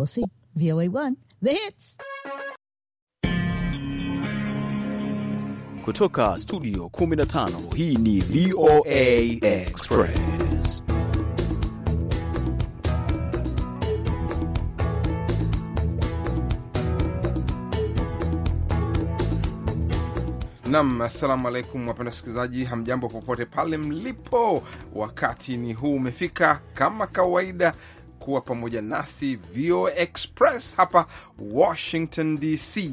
We'll see. voa One, the hits. Kutoka studio 15, hii ni VOA Express. Nam, assalamu alaikum wapenda wasikilizaji, hamjambo popote pale mlipo. Wakati ni huu umefika, kama kawaida kuwa pamoja nasi VO Express hapa Washington DC.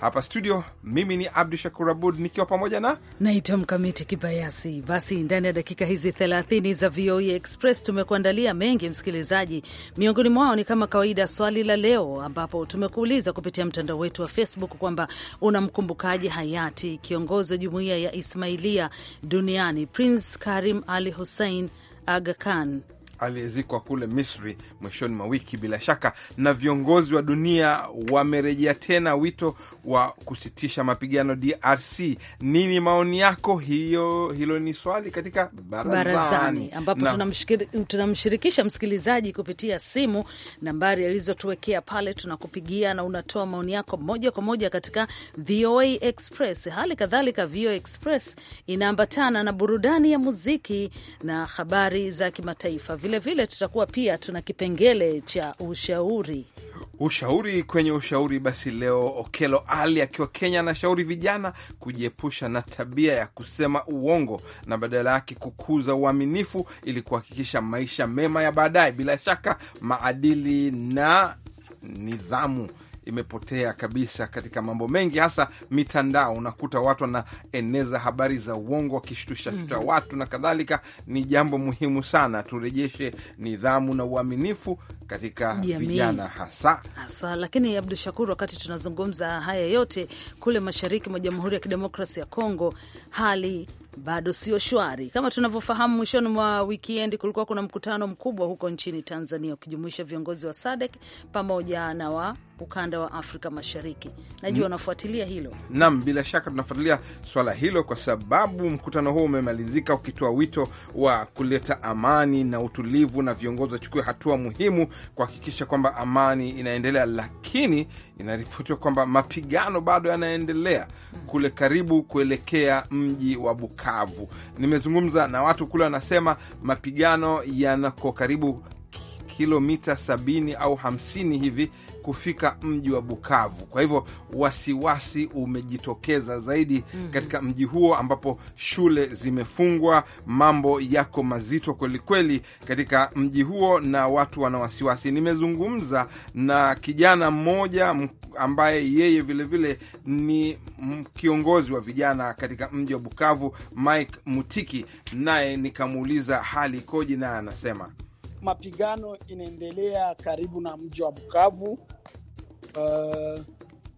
Hapa studio, mimi ni Abdu Shakur Abud nikiwa pamoja na naitwa Mkamiti Kibayasi. Basi ndani ya dakika hizi 30 za VOA Express tumekuandalia mengi, msikilizaji. Miongoni mwao ni kama kawaida swali la leo, ambapo tumekuuliza kupitia mtandao wetu wa Facebook kwamba unamkumbukaje hayati kiongozi wa jumuiya ya Ismailia duniani Prince Karim Ali Hussein Aga Khan aliyezikwa kule Misri mwishoni mwa wiki. Bila shaka na viongozi wa dunia wamerejea tena wito wa kusitisha mapigano DRC. Nini maoni yako? Hiyo hilo ni swali katika barazani, barazani ambapo tunamshirikisha msikilizaji kupitia simu nambari alizotuwekea pale, tunakupigia na unatoa maoni yako moja kwa moja katika VOA Express. Hali kadhalika VOA Express inaambatana na burudani ya muziki na habari za kimataifa. Vilevile tutakuwa pia tuna kipengele cha ushauri ushauri kwenye ushauri. Basi leo Okelo Ali akiwa Kenya anashauri vijana kujiepusha na tabia ya kusema uongo na badala yake kukuza uaminifu ili kuhakikisha maisha mema ya baadaye, bila shaka maadili na nidhamu imepotea kabisa katika mambo mengi, hasa mitandao. Unakuta watu wanaeneza habari za uongo wakishtushashusha mm -hmm. watu na kadhalika. Ni jambo muhimu sana, turejeshe nidhamu na uaminifu katika vijana hasa hasa. Lakini Abdu Shakur, wakati tunazungumza haya yote, kule mashariki mwa Jamhuri ya Kidemokrasi ya Kongo hali bado sio shwari kama tunavyofahamu. Mwishoni mwa wikiendi kulikuwa kuna mkutano mkubwa huko nchini Tanzania ukijumuisha viongozi wa SADC pamoja na wa ukanda wa Afrika Mashariki. Najua unafuatilia hilo. Naam, bila shaka tunafuatilia swala hilo kwa sababu mkutano huo umemalizika ukitoa wito wa kuleta amani na utulivu, na viongozi wachukue hatua muhimu kuhakikisha kwamba amani inaendelea, lakini inaripotiwa kwamba mapigano bado yanaendelea kule karibu kuelekea mji wa Bukavu. Nimezungumza na watu kule, wanasema mapigano yanako karibu kilomita sabini au hamsini hivi kufika mji wa Bukavu. Kwa hivyo wasiwasi umejitokeza zaidi mm -hmm. katika mji huo ambapo shule zimefungwa, mambo yako mazito kwelikweli katika mji huo na watu wana wasiwasi. Nimezungumza na kijana mmoja ambaye yeye vilevile vile ni kiongozi wa vijana katika mji wa Bukavu, Mike Mutiki, naye nikamuuliza hali ikoje, naye anasema mapigano inaendelea karibu na mji wa Bukavu. Uh,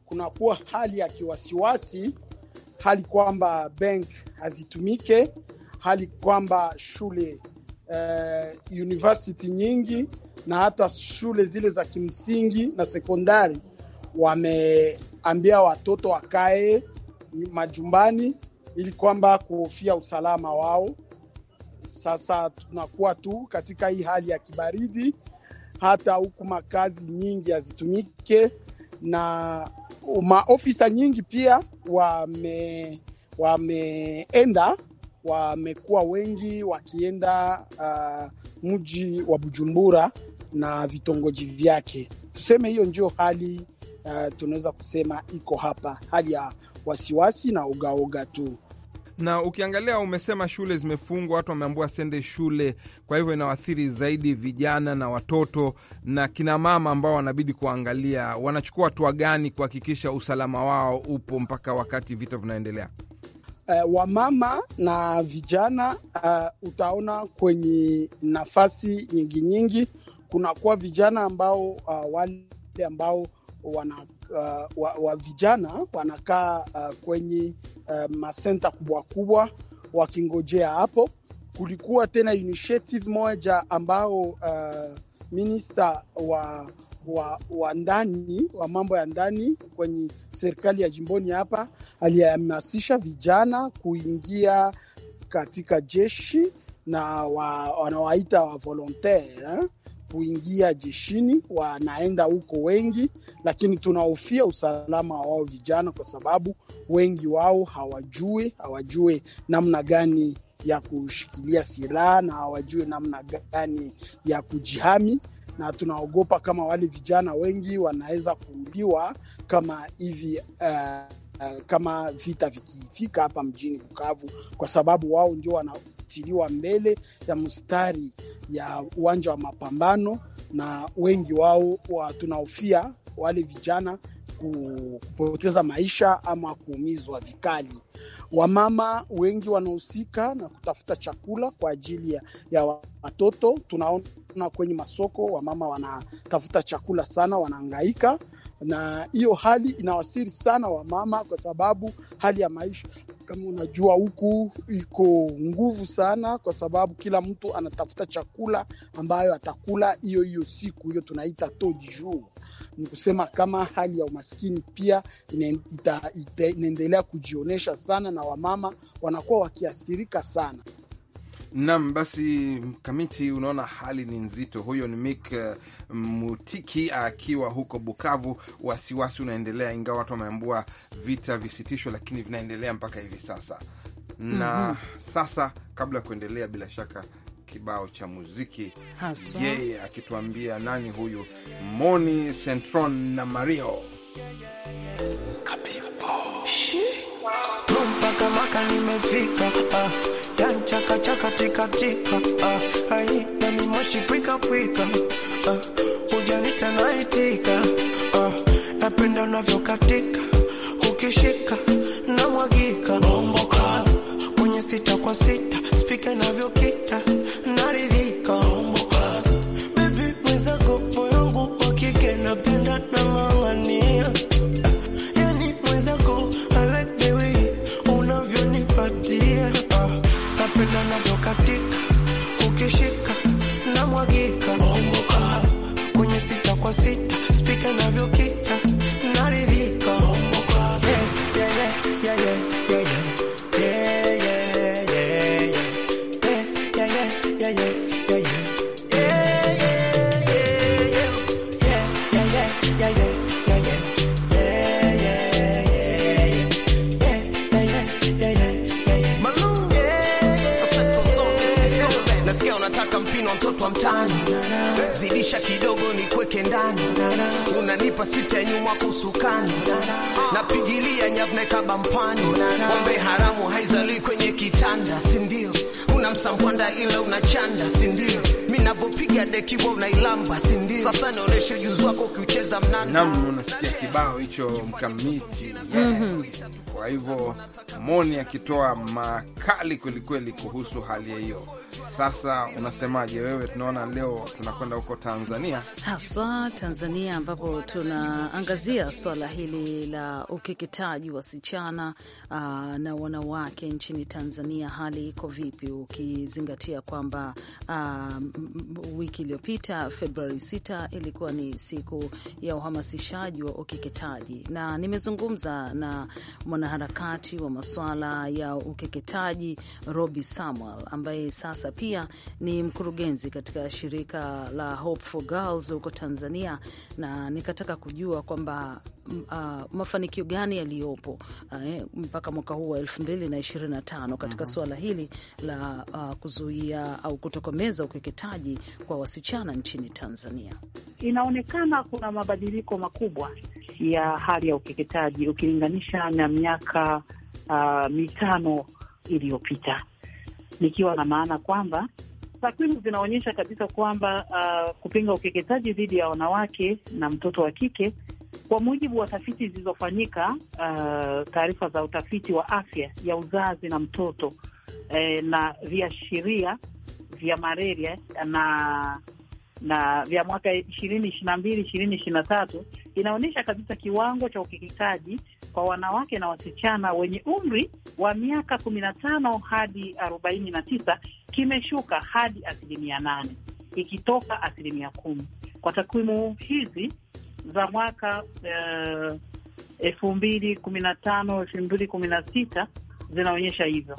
kunakuwa hali ya kiwasiwasi, hali kwamba bank hazitumike, hali kwamba shule uh, university nyingi na hata shule zile za kimsingi na sekondari wameambia watoto wakae majumbani ili kwamba kuhofia usalama wao. Sasa tunakuwa tu katika hii hali ya kibaridi, hata huku makazi nyingi hazitumike na maofisa nyingi pia wame wameenda wamekuwa wengi wakienda uh, mji wa Bujumbura na vitongoji vyake. Tuseme hiyo ndio hali uh, tunaweza kusema iko hapa, hali ya wasiwasi na ugaoga tu na ukiangalia umesema shule zimefungwa, watu wameambiwa sende shule, kwa hivyo inawaathiri zaidi vijana na watoto na kinamama ambao wanabidi kuangalia wanachukua hatua gani kuhakikisha usalama wao upo mpaka wakati vita vinaendelea. Uh, eh, wamama na vijana uh, utaona kwenye nafasi nyingi nyingi kunakuwa vijana ambao uh, wale ambao wana, uh, wa, wa vijana wanakaa uh, kwenye Eh, masenta kubwa kubwa wakingojea hapo. Kulikuwa tena initiative moja ambao uh, minister wa wa, wa ndani wa mambo ya ndani kwenye serikali ya jimboni hapa alihamasisha vijana kuingia katika jeshi na wanawaita wa volontaire eh? wanapoingia jeshini wanaenda huko wengi, lakini tunahofia usalama wao vijana, kwa sababu wengi wao hawajui hawajue namna gani ya kushikilia silaha na hawajue namna gani ya kujihami, na tunaogopa kama wale vijana wengi wanaweza kuuliwa kama hivi uh, kama vita vikifika hapa mjini Bukavu, kwa sababu wao ndio wana, kutiliwa mbele ya mstari ya uwanja wa mapambano, na wengi wao wa tunahofia wale vijana kupoteza maisha ama kuumizwa vikali. Wamama wengi wanahusika na kutafuta chakula kwa ajili ya, ya watoto. Tunaona kwenye masoko wamama wanatafuta chakula sana, wanaangaika na hiyo hali inawasiri sana wamama, kwa sababu hali ya maisha kama unajua huku iko nguvu sana, kwa sababu kila mtu anatafuta chakula ambayo atakula hiyo hiyo siku, hiyo tunaita to du jour. Ni kusema kama hali ya umaskini pia inaendelea kujionyesha sana, na wamama wanakuwa wakiathirika sana. Nam basi, Mkamiti, unaona hali ni nzito. Huyo ni Mik uh, eh, Mutiki akiwa huko Bukavu. Wasiwasi unaendelea, ingawa watu wameambua vita visitishwe, lakini vinaendelea mpaka hivi sasa na mm -hmm. Sasa kabla ya kuendelea, bila shaka kibao cha muziki yeye, yeah, akituambia nani huyu Moni Centron na Mario yeah dan chaka chaka tika tika ah, na mi moshi pika pika ah, ujanita itika ah, napenda unavyokatika ukishika na mwagika bomboka kwenye sita kwa sita spika inavyokita naridhika bomboka baby mwenzako moyo wangu wa kike napenda namang'ania seat, speaking of your kid. kwa sita nyuma kusukani napigilia nyavne kaba mpani ombe haramu haizali kwenye kitanda sindio? Unamsamkwanda ile unachanda sindio? Minavyopiga dekiwa unailamba sindio? Sasa nionyeshe juzi wako ukiucheza mnanda. Naam, unasikia kibao hicho mkamiti yeah. mm -hmm. Kwa hivyo Moni akitoa makali kwelikweli kuhusu hali hiyo sasa unasemaje wewe? Tunaona leo tunakwenda huko Tanzania, haswa Tanzania ambapo tunaangazia swala hili la ukeketaji wasichana uh, na wanawake nchini Tanzania. Hali iko vipi, ukizingatia kwamba uh, wiki iliyopita Februari 6 ilikuwa ni siku ya uhamasishaji wa ukeketaji, na nimezungumza na mwanaharakati wa maswala ya ukeketaji Robi Samuel ambaye sasa sasa pia ni mkurugenzi katika shirika la Hope for Girls huko Tanzania, na nikataka kujua kwamba uh, mafanikio gani yaliyopo uh, mpaka mwaka huu wa 2025 katika mm -hmm. suala hili la uh, kuzuia au kutokomeza ukeketaji kwa wasichana nchini Tanzania. Inaonekana kuna mabadiliko makubwa ya hali ya ukeketaji ukilinganisha na miaka uh, mitano iliyopita nikiwa na maana kwamba takwimu zinaonyesha kabisa kwamba uh, kupinga ukeketaji dhidi ya wanawake na mtoto wa kike kwa mujibu wa tafiti zilizofanyika, uh, taarifa za utafiti wa afya ya uzazi na mtoto eh, na viashiria vya malaria na na vya mwaka ishirini ishiri na mbili ishirini ishiri na tatu inaonyesha kabisa kiwango cha ukeketaji kwa wanawake na wasichana wenye umri wa miaka kumi na tano hadi arobaini na tisa kimeshuka hadi asilimia nane ikitoka asilimia kumi kwa takwimu hizi za mwaka eh, elfu mbili kumi na tano elfu mbili kumi na sita zinaonyesha hivyo.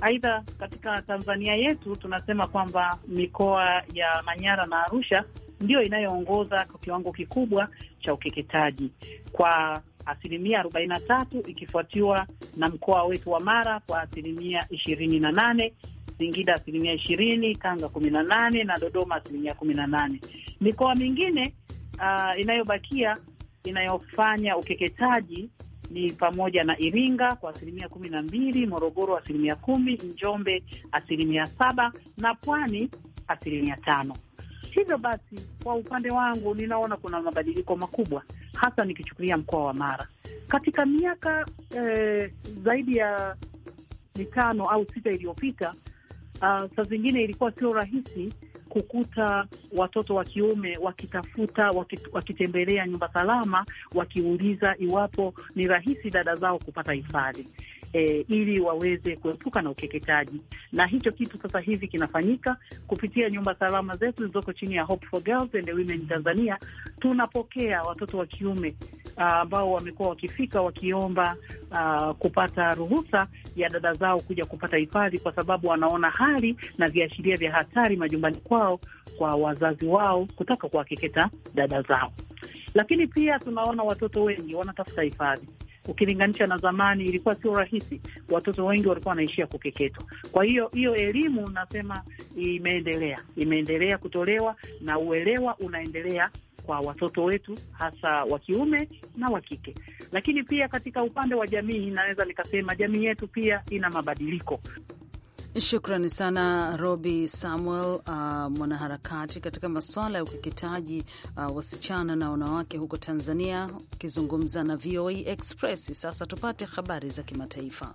Aidha, katika Tanzania yetu tunasema kwamba mikoa ya Manyara na Arusha ndiyo inayoongoza kwa kiwango kikubwa cha ukeketaji kwa asilimia arobaini na tatu ikifuatiwa na mkoa wetu wa Mara kwa asilimia ishirini na nane Singida asilimia ishirini Tanga kumi na nane na Dodoma asilimia kumi na nane Mikoa mingine uh, inayobakia inayofanya ukeketaji ni pamoja na Iringa kwa asilimia kumi na mbili Morogoro asilimia kumi Njombe asilimia saba na Pwani asilimia tano Hivyo basi, kwa upande wangu ninaona kuna mabadiliko makubwa, hasa nikichukulia mkoa wa Mara katika miaka eh, zaidi ya mitano au sita iliyopita. Uh, saa zingine ilikuwa sio rahisi kukuta watoto wa kiume wakitafuta wakitembelea nyumba salama, wakiuliza iwapo ni rahisi dada zao kupata hifadhi e, ili waweze kuepuka na ukeketaji, na hicho kitu sasa hivi kinafanyika kupitia nyumba salama zetu zilizoko chini ya Hope for Girls and Women Tanzania. Tunapokea watoto wa kiume ah, ambao wamekuwa wakifika wakiomba uh, kupata ruhusa ya dada zao kuja kupata hifadhi, kwa sababu wanaona hali na viashiria vya hatari majumbani kwao kwa wazazi wao kutaka kuwakeketa dada zao. Lakini pia tunaona watoto wengi wanatafuta hifadhi ukilinganisha na zamani, ilikuwa sio rahisi, watoto wengi walikuwa wanaishia kukeketwa. Kwa hiyo hiyo elimu nasema imeendelea, imeendelea kutolewa na uelewa unaendelea kwa watoto wetu hasa wa kiume na wa kike. Lakini pia katika upande wa jamii, naweza nikasema jamii yetu pia ina mabadiliko. Shukrani sana Robi Samuel, uh, mwanaharakati katika masuala ya ukeketaji uh, wasichana na wanawake huko Tanzania, ukizungumza na VOA Express. Sasa tupate habari za kimataifa.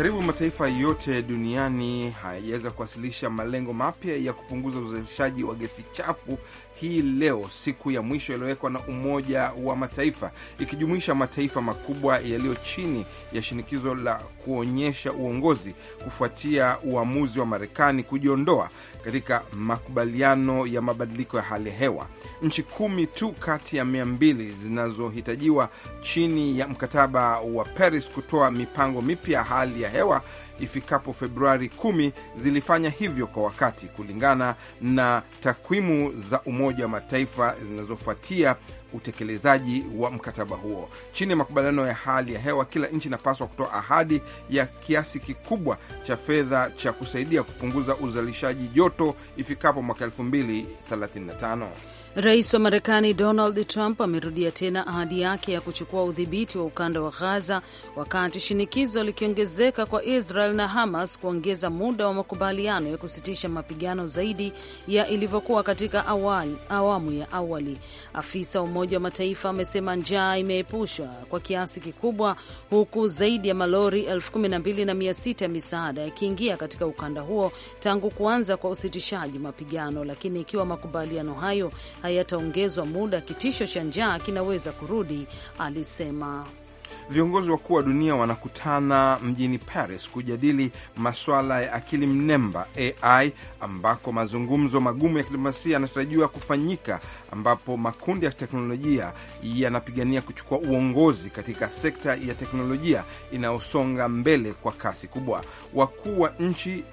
Karibu mataifa yote duniani hayajaweza kuwasilisha malengo mapya ya kupunguza uzalishaji wa gesi chafu hii leo, siku ya mwisho iliyowekwa na Umoja wa Mataifa, ikijumuisha mataifa makubwa yaliyo chini ya shinikizo la kuonyesha uongozi kufuatia uamuzi wa Marekani kujiondoa katika makubaliano ya mabadiliko ya hali ya hewa. Nchi kumi tu kati ya mia mbili zinazohitajiwa chini ya mkataba wa Paris kutoa mipango mipya hali ya hewa ifikapo Februari 10 zilifanya hivyo kwa wakati, kulingana na takwimu za Umoja wa Mataifa zinazofuatia utekelezaji wa mkataba huo. Chini ya makubaliano ya hali ya hewa, kila nchi inapaswa kutoa ahadi ya kiasi kikubwa cha fedha cha kusaidia kupunguza uzalishaji joto ifikapo mwaka 2035. Rais wa Marekani Donald Trump amerudia tena ahadi yake ya kuchukua udhibiti wa ukanda wa Ghaza wakati shinikizo likiongezeka kwa Israel na Hamas kuongeza muda wa makubaliano ya kusitisha mapigano zaidi ya ilivyokuwa katika awali, awamu ya awali. Afisa wa Umoja wa Mataifa amesema njaa imeepushwa kwa kiasi kikubwa, huku zaidi ya malori 12,600 ya misaada yakiingia katika ukanda huo tangu kuanza kwa usitishaji mapigano, lakini ikiwa makubaliano hayo hayataongezwa muda, kitisho cha njaa kinaweza kurudi, alisema. Viongozi wakuu wa dunia wanakutana mjini Paris kujadili maswala ya akili mnemba AI, ambako mazungumzo magumu ya kidiplomasia yanatarajiwa kufanyika, ambapo makundi ya teknolojia yanapigania kuchukua uongozi katika sekta ya teknolojia inayosonga mbele kwa kasi kubwa. Wakuu wa nchi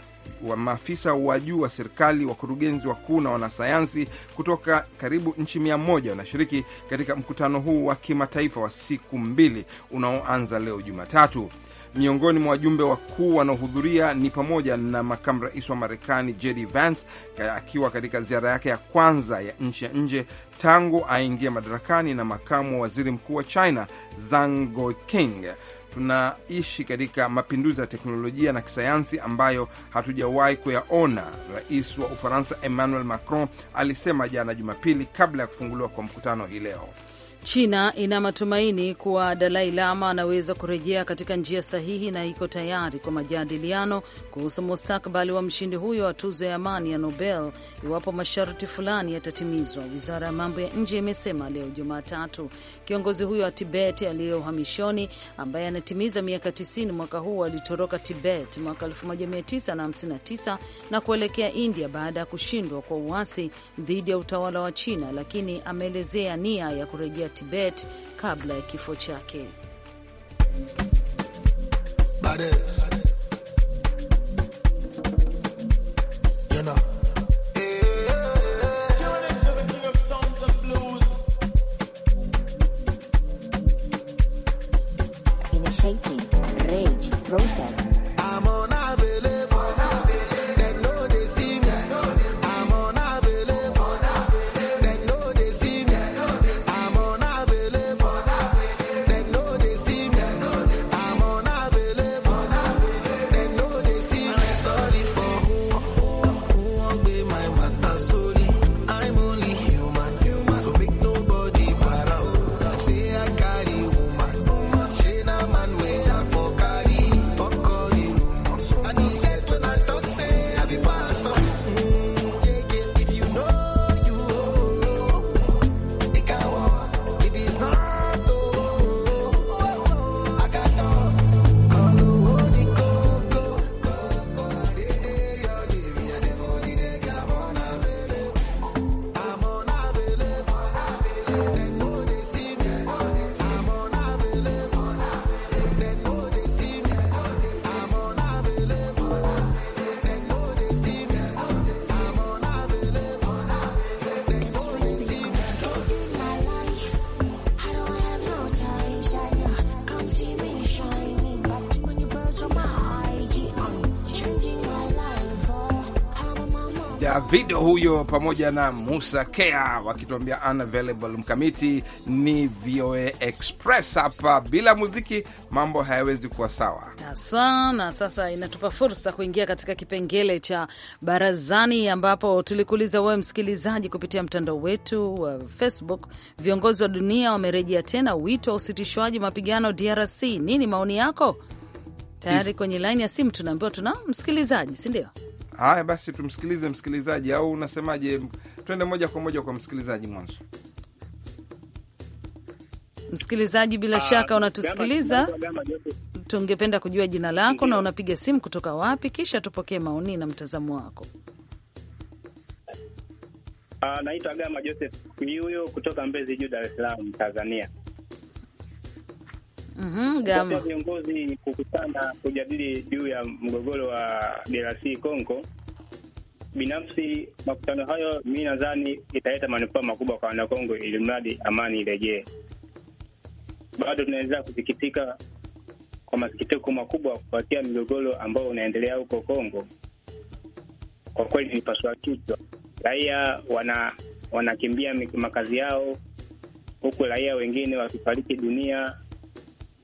wa maafisa wa juu wa serikali, wakurugenzi wakuu na wanasayansi kutoka karibu nchi mia moja wanashiriki katika mkutano huu wa kimataifa wa siku mbili unaoanza leo Jumatatu. Miongoni mwa wajumbe wakuu wanaohudhuria ni pamoja na makamu rais wa Marekani JD Vance akiwa katika ziara yake ya kwanza ya nchi ya nje tangu aingia madarakani, na makamu wa waziri mkuu wa China Zhang tunaishi katika mapinduzi ya teknolojia na kisayansi ambayo hatujawahi kuyaona, rais wa Ufaransa Emmanuel Macron alisema jana Jumapili kabla ya kufunguliwa kwa mkutano hii leo. China ina matumaini kuwa Dalai Lama anaweza kurejea katika njia sahihi na iko tayari kwa majadiliano kuhusu mustakabali wa mshindi huyo wa tuzo ya amani ya Nobel iwapo masharti fulani yatatimizwa, wizara ya mambo ya nje imesema leo Jumatatu. Kiongozi huyo wa Tibet aliye uhamishoni ambaye anatimiza miaka 90 mwaka huu alitoroka Tibet mwaka 1959 na, na kuelekea India baada ya kushindwa kwa uasi dhidi ya utawala wa China, lakini ameelezea nia ya kurejea ya Tibet kabla ya kifo chake. Uh, video huyo pamoja na Musa Kea wakituambia unavailable. Mkamiti ni VOA Express hapa, bila muziki mambo hayawezi kuwa sawa sana. Sasa inatupa fursa kuingia katika kipengele cha barazani, ambapo tulikuuliza wewe msikilizaji kupitia mtandao wetu wa Facebook, viongozi wa dunia wamerejea tena wito wa usitishwaji mapigano DRC. Nini maoni yako? Tayari kwenye laini ya simu tunaambiwa tuna msikilizaji, si ndio? Haya basi, tumsikilize msikilizaji, au unasemaje? Twende moja kwa moja kwa msikilizaji mwanzo. Msikilizaji, bila ah, shaka unatusikiliza, tungependa kujua jina lako na unapiga simu kutoka wapi, kisha tupokee maoni na mtazamo wako. Ah, naitwa Gama Joseph Miuyo kutoka Mbezi Juu, Dar es Salaam, Tanzania mm-hmm, viongozi kukutana kujadili juu ya mgogoro wa DRC Congo. Binafsi, makutano hayo mi nadhani italeta manufaa makubwa kwa Wanakongo, ili mradi amani irejee. Bado tunaweza kusikitika kwa masikitiko makubwa kufuatia migogoro ambao unaendelea huko Kongo. Kwa kweli ni pasua kichwa, raia wana wanakimbia makazi yao, huku raia wengine wakifariki dunia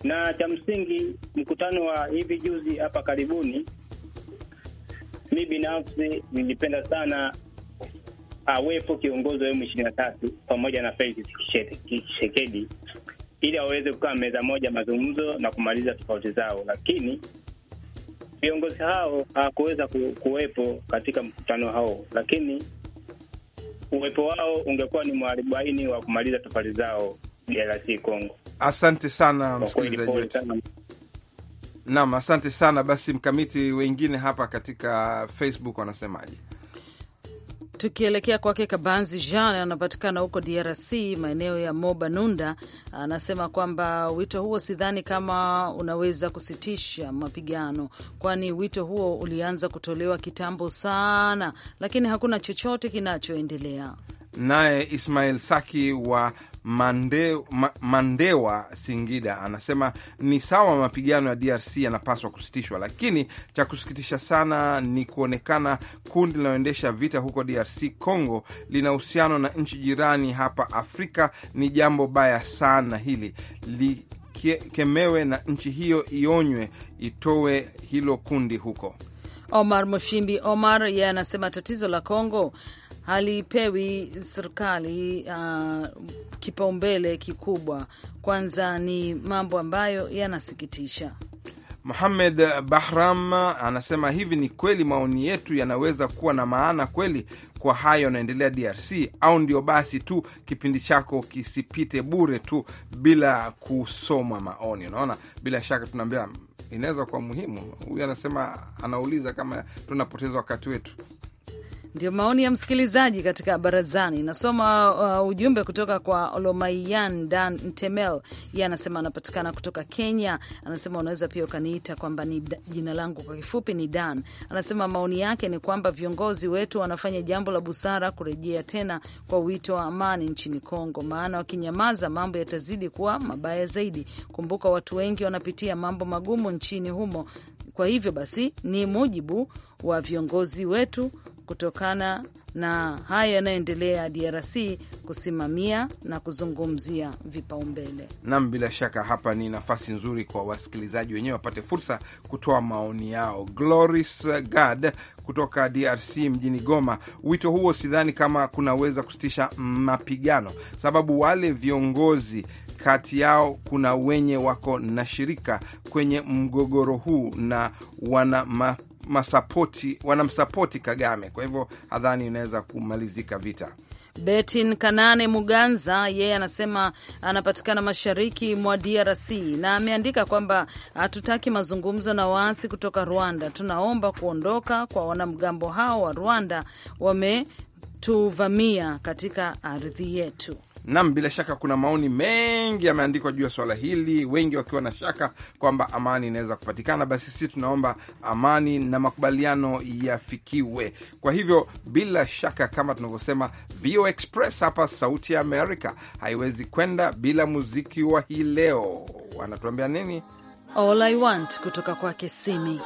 na cha msingi mkutano wa hivi juzi hapa karibuni, mi binafsi nilipenda sana awepo kiongozi wa emu ishirini na tatu pamoja na Felix Tshisekedi ili waweze kukaa meza moja mazungumzo na kumaliza tofauti zao, lakini viongozi hao hawakuweza kuwepo katika mkutano hao, lakini uwepo wao ungekuwa ni mwarubaini wa kumaliza tofauti zao. DRC Congo. Asante sana msikilizaji wetu. Naam, asante sana basi. Mkamiti, wengine hapa katika Facebook wanasemaje? Tukielekea kwake Kabanzi Jean anapatikana huko DRC maeneo ya Moba Nunda, anasema kwamba wito huo sidhani kama unaweza kusitisha mapigano, kwani wito huo ulianza kutolewa kitambo sana, lakini hakuna chochote kinachoendelea. Naye Ismail Saki wa Mandewa, ma, Mandewa Singida anasema ni sawa, mapigano ya DRC yanapaswa kusitishwa, lakini cha kusikitisha sana ni kuonekana kundi linaloendesha vita huko DRC Congo lina uhusiano na nchi jirani hapa Afrika. Ni jambo baya sana hili likemewe, na nchi hiyo ionywe, itowe hilo kundi huko. Omar Mushimbi Omar yeye anasema tatizo la Kongo halipewi serikali uh, kipaumbele kikubwa. Kwanza ni mambo ambayo yanasikitisha. muhamed Bahram anasema hivi, ni kweli maoni yetu yanaweza kuwa na maana kweli kwa hayo yanaendelea DRC au ndio basi tu kipindi chako kisipite bure tu bila kusoma maoni. Unaona, bila shaka tunaambia inaweza kuwa muhimu. Huyu anasema, anauliza kama tunapoteza wakati wetu. Ndio maoni ya msikilizaji katika barazani. Nasoma uh, ujumbe kutoka kwa Olomaiyan Dan Ntemel, yeye anasema anapatikana kutoka Kenya. Anasema unaweza pia ukaniita kwamba ni jina langu kwa kifupi ni Dan. Anasema maoni yake ni kwamba viongozi wetu wanafanya jambo la busara kurejea tena kwa wito wa amani nchini Kongo, maana wakinyamaza mambo yatazidi kuwa mabaya zaidi. Kumbuka watu wengi wanapitia mambo magumu nchini humo. Kwa hivyo basi, ni mujibu wa viongozi wetu kutokana na haya yanayoendelea DRC kusimamia na kuzungumzia vipaumbele. Nam, bila shaka hapa ni nafasi nzuri kwa wasikilizaji wenyewe wapate fursa kutoa maoni yao. Gloris Gad kutoka DRC mjini Goma, wito huo sidhani kama kunaweza kusitisha mapigano, sababu wale viongozi kati yao kuna wenye wako na shirika kwenye mgogoro huu na wana ma masapoti, wanamsapoti Kagame, kwa hivyo hadhani inaweza kumalizika vita. Betin Kanane Muganza yeye anasema anapatikana mashariki mwa DRC na ameandika kwamba hatutaki mazungumzo na waasi kutoka Rwanda, tunaomba kuondoka kwa wanamgambo hao wa Rwanda, wametuvamia katika ardhi yetu. Nam, bila shaka kuna maoni mengi yameandikwa juu ya swala hili, wengi wakiwa na shaka kwamba amani inaweza kupatikana. Basi sisi tunaomba amani na makubaliano yafikiwe. Kwa hivyo, bila shaka kama tunavyosema, vo Express hapa Sauti ya Amerika haiwezi kwenda bila muziki wa hii leo. Wanatuambia nini? All I want kutoka kwake Simi.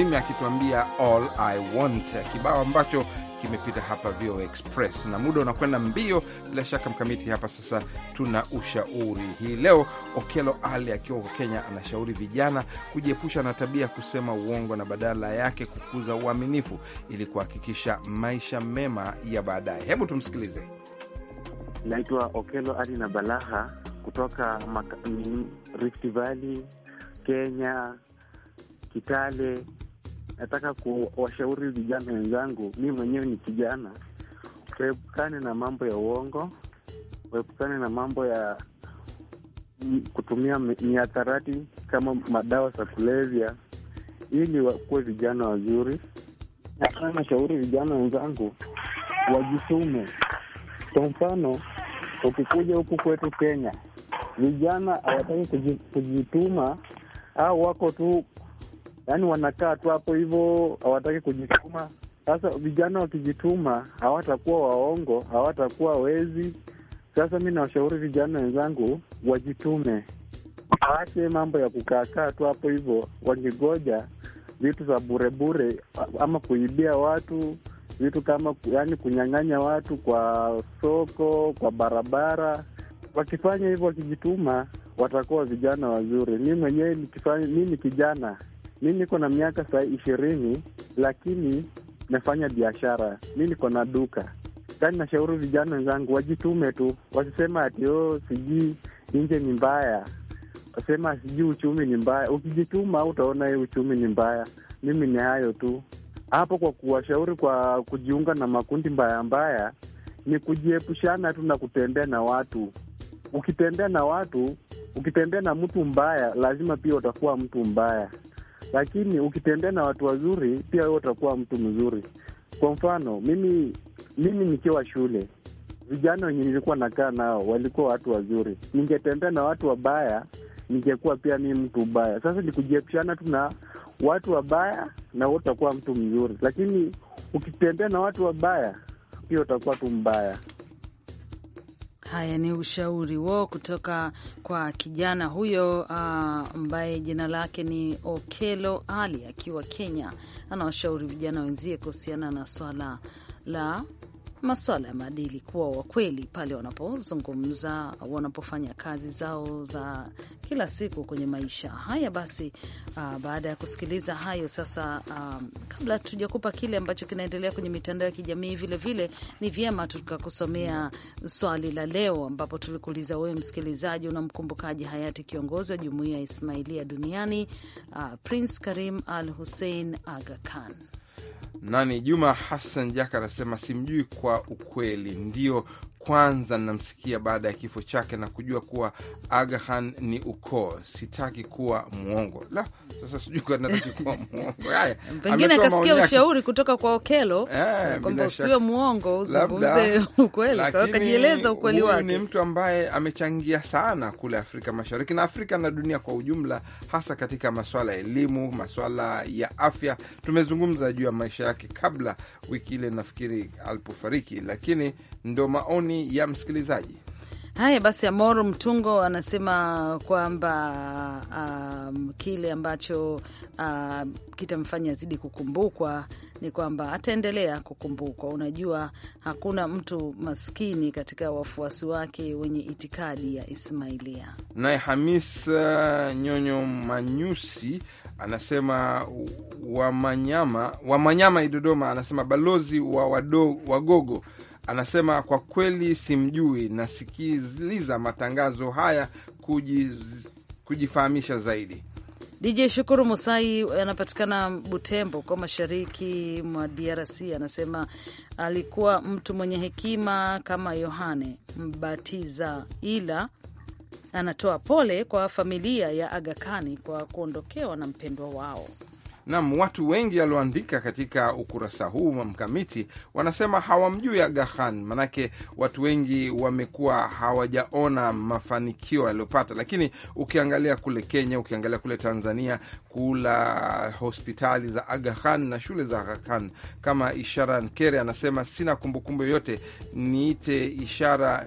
Simi akituambia all I want, kibao ambacho kimepita hapa VOA Express na muda unakwenda mbio bila shaka, Mkamiti. Hapa sasa tuna ushauri hii leo. Okelo Ali akiwa huko Kenya anashauri vijana kujiepusha na tabia kusema uongo na badala yake kukuza uaminifu ili kuhakikisha maisha mema ya baadaye. Hebu tumsikilize. Naitwa Okelo Ali na Balaha kutoka Rift Valley, Kenya, Kitale nataka kuwashauri vijana wenzangu, mi mwenyewe ni kijana, tuepukane na mambo ya uongo, tuepukane na mambo ya kutumia mihadarati kama madawa za kulevya, ili wakuwe vijana wazuri. Nataka nashauri vijana wenzangu wajitume. Kwa mfano, ukikuja huku kwetu Kenya, vijana hawataki kujituma au wako tu yani wanakaa tu hapo hivyo, hawataki kujituma. Sasa vijana wakijituma, hawatakuwa waongo, hawatakuwa wezi. Sasa mi nawashauri vijana wenzangu wajitume, waache mambo ya kukaakaa tu hapo hivyo, wangegoja vitu za burebure ama kuibia watu vitu kama yani, kunyang'anya watu kwa soko, kwa barabara. Wakifanya hivyo, wakijituma, watakuwa vijana wazuri. Mi mwenyewe mi ni kijana mi niko na miaka saa ishirini, lakini nafanya biashara, mi niko na duka kani. Nashauri vijana wenzangu wajitume tu, wasisema ati oh, sijui nje ni mbaya, wasema sijui uchumi ni mbaya. Ukijituma utaona hii uchumi ni mbaya. Mimi ni hayo tu hapo, kwa kuwashauri kwa kujiunga na makundi mbaya mbaya ni kujiepushana tu na kutembea na watu. Ukitembea na watu, ukitembea na mtu mbaya, lazima pia utakuwa mtu mbaya lakini ukitembea na watu wazuri pia wewe utakuwa mtu mzuri. Kwa mfano mimi, mimi nikiwa shule, vijana wenye nilikuwa nakaa nao walikuwa watu wazuri. Ningetembea na watu wabaya, ningekuwa pia mi mtu mbaya. Sasa nikujiepshana tu na watu wabaya, na wewe utakuwa mtu mzuri, lakini ukitembea na watu wabaya pia utakuwa tu mbaya. Haya ni ushauri wo kutoka kwa kijana huyo ah, ambaye uh, jina lake ni Okelo Ali akiwa Kenya. Anawashauri vijana wenzie kuhusiana na swala la masuala ya maadili, kuwa wakweli pale wanapozungumza, wanapofanya kazi zao za kila siku kwenye maisha haya. Basi uh, baada ya kusikiliza hayo sasa, um, kabla tujakupa kile ambacho kinaendelea kwenye mitandao ya kijamii vilevile ni vyema tukakusomea swali la leo, ambapo tulikuuliza wewe msikilizaji, unamkumbukaje hayati kiongozi wa jumuia ya Ismailia duniani uh, Prince Karim Al Hussein Aga Khan? nani Juma Hassan Jaka anasema simjui kwa ukweli, ndio kwanza namsikia baada ya kifo chake na kujua kuwa Aga Khan ni ukoo. Sitaki kuwa mwongo. La, sasa sijui nataki kuwa mwongo. Haya, pengine akasikia ushauri kutoka kwa Okelo eh, kwamba usiwe mwongo, uzungumze ukweli. Akajieleza ukweli wake. Ni mtu ambaye amechangia sana kule Afrika Mashariki na Afrika na dunia kwa ujumla, hasa katika maswala ya elimu, maswala ya afya. Tumezungumza juu ya maisha yake kabla wiki ile, nafikiri alipofariki, lakini Ndo maoni ya msikilizaji. Haya basi, Amor Mtungo anasema kwamba um, kile ambacho um, kitamfanya zidi kukumbukwa ni kwamba ataendelea kukumbukwa. Unajua, hakuna mtu maskini katika wafuasi wake wenye itikadi ya Ismailia. Naye Hamis uh, Nyonyo Manyusi anasema Wamanyama, Wamanyama Idodoma, anasema balozi wa wado, Wagogo Anasema kwa kweli simjui, nasikiliza matangazo haya kujiz, kujifahamisha zaidi. DJ Shukuru Musai anapatikana Butembo kwa mashariki mwa DRC, anasema alikuwa mtu mwenye hekima kama Yohane Mbatiza, ila anatoa pole kwa familia ya Agakani kwa kuondokewa na mpendwa wao. Nam, watu wengi walioandika katika ukurasa huu wa Mkamiti wanasema hawamjui Aga Khan, manake watu wengi wamekuwa hawajaona mafanikio yaliyopata, lakini ukiangalia kule Kenya, ukiangalia kule Tanzania, kula hospitali za Aga Khan na shule za Aga Khan. Kama Ishara Nkere anasema sina kumbukumbu yoyote, niite Ishara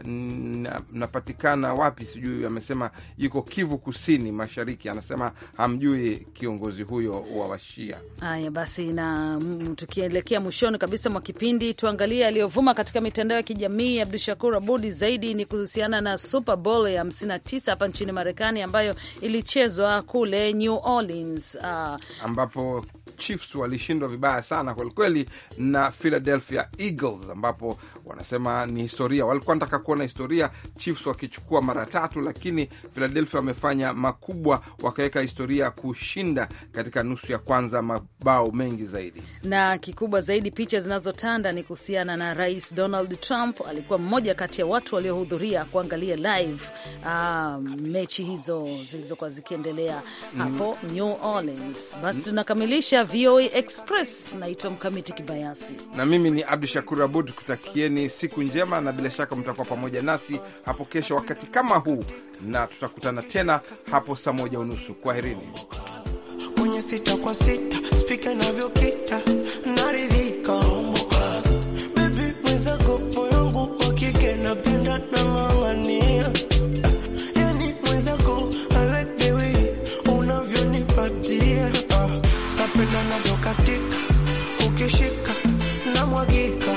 napatikana wapi sijui. Amesema yuko Kivu Kusini Mashariki, anasema hamjui kiongozi huyo wa Shia. Haya basi, na tukielekea mwishoni kabisa mwa kipindi, tuangalie aliyovuma katika mitandao ya kijamii. Abdu Shakur Abudi, zaidi ni kuhusiana na Super Bowl ya 59 hapa nchini Marekani ambayo ilichezwa kule New Orleans uh, ambapo Chiefs walishindwa vibaya sana kwelikweli na Philadelphia Eagles, ambapo wanasema ni historia. Walikuwa nataka kuona historia, Chiefs wakichukua mara tatu, lakini Philadelphia wamefanya makubwa, wakaweka historia kushinda katika nusu ya kwa kwanza mabao mengi zaidi, na kikubwa zaidi picha zinazotanda ni kuhusiana na Rais Donald Trump. Alikuwa mmoja kati ya watu waliohudhuria kuangalia live uh, mechi hizo zilizokuwa zikiendelea mm. hapo mm. New Orleans. Basi mm. tunakamilisha VOA Express. Naitwa Mkamiti Kibayasi na mimi ni Abdu Shakur Abud, kutakieni siku njema na bila shaka mtakuwa pamoja nasi hapo kesho wakati kama huu, na tutakutana tena hapo saa moja unusu. Kwaherini kwenye sita kwa sita, spika inavyokita naridhika, bebi mwenzako, moyo wangu wa kike napenda na ng'ang'ania, yani mwenzako aletewi unavyonipatia, napenda navyokatika, ukishika na mwagika